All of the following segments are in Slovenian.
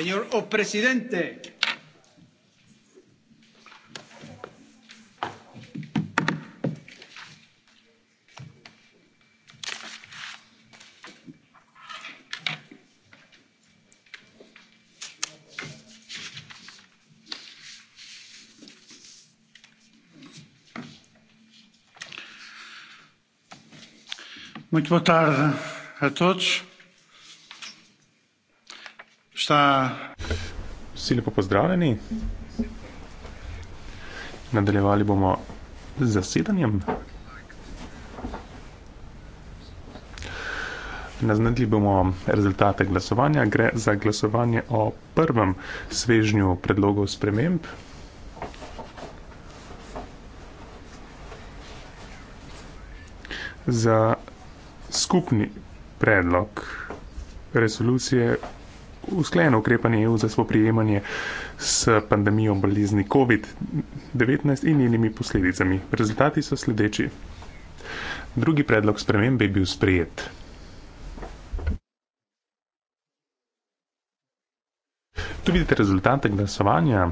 señor presidente muy buenas tardes a todos. Maksa. Vsi lepo pozdravljeni. Nadaljevali bomo z zasedanjem. Naznadili bomo rezultate glasovanja. Gre za glasovanje o prvem svežnju predlogov sprememb. Za skupni predlog resolucije usklajeno ukrepanje EU za spoprijemanje s pandemijo bolezni COVID-19 in njenimi posledicami. Rezultati so sledeči. Drugi predlog spremembe je bil sprejet. Tu vidite rezultate glasovanja.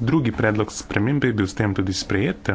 Drugi predlog spremembe je bil s tem tudi sprejet.